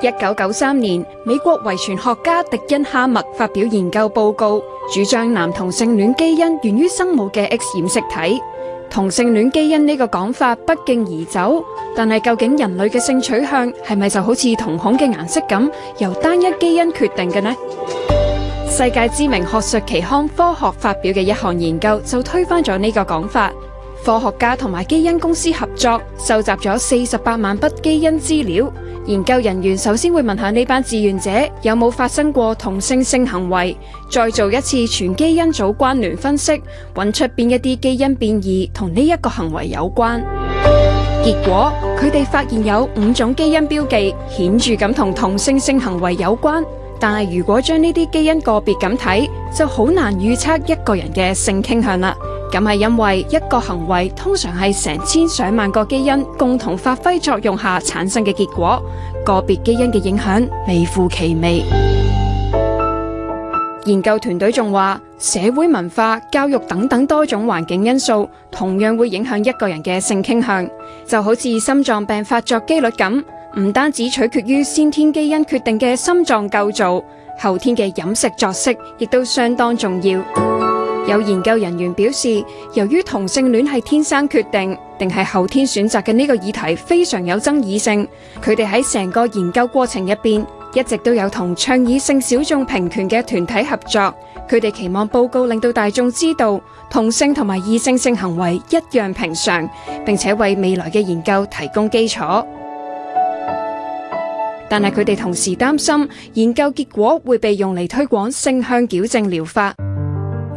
1993年,美國遺傳學家迪恩哈默發表研究報告,主張男同性戀基因源於生母的 X 染色體。同性戀基因這個講法不脛而走,但係究竟人類的性取向是不是就好似瞳孔的顏色咁由單一基因決定的呢?世界知名學術期刊《科學》發表的一項研究就推翻了這個講法。科學家同埋基因公司合作，收集咗四十八萬筆基因資料。研究人員首先會問下呢班志願者有冇發生過同性性行為，再做一次全基因組關聯分析，揾出邊一啲基因變異同呢一個行為有關。結果，佢哋發現有五種基因標記顯著咁同同性性行為有關，但係如果將呢啲基因個別咁睇，就好難預測一個人嘅性傾向啦。咁係因為一個行為通常係成千上萬個基因共同發揮作用下產生嘅結果，個別基因嘅影響微乎其微。研究團隊仲話，社會文化、教育等等多種環境因素同樣會影響一個人嘅性傾向，就好似心臟病發作機率咁，唔單止取決於先天基因決定嘅心臟構造，後天嘅飲食作息亦都相當重要。有研究人員表示，由於同性戀係天生決定定係後天選擇嘅呢個議題非常有爭議性，佢哋喺成個研究過程入邊一直都有同倡議性小眾平權嘅團體合作。佢哋期望報告令到大眾知道同性同埋異性性行為一樣平常，並且為未來嘅研究提供基礎。但係佢哋同時擔心研究結果會被用嚟推廣性向矯正療法。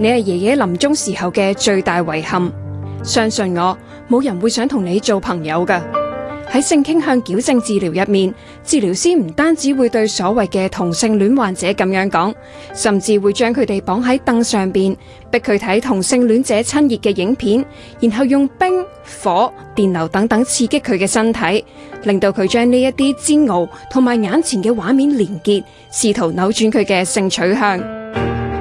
你係爺爺臨終時候嘅最大遺憾。相信我，冇人會想同你做朋友噶。喺性傾向矯正治療入面，治療師唔單止會對所謂嘅同性戀患者咁樣講，甚至會將佢哋綁喺凳上邊，逼佢睇同性戀者親熱嘅影片，然後用冰、火、電流等等刺激佢嘅身體，令到佢將呢一啲煎熬同埋眼前嘅畫面連結，試圖扭轉佢嘅性取向。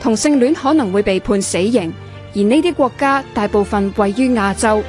同性戀可能會被判死刑，而呢啲國家大部分位於亞洲。